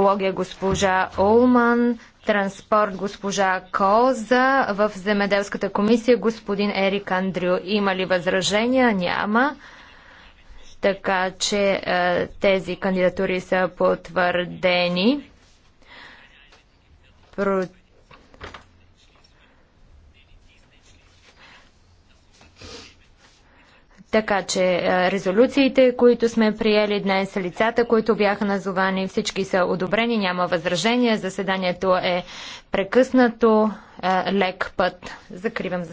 екология госпожа Олман, транспорт госпожа Коза, в земеделската комисия господин Ерик Андрю. Има ли възражения? Няма. Така че е, тези кандидатури са потвърдени. Против Така че е, резолюциите, които сме приели днес, лицата, които бяха назовани, всички са одобрени, няма възражения. Заседанието е прекъснато. Е, лек път. Закривам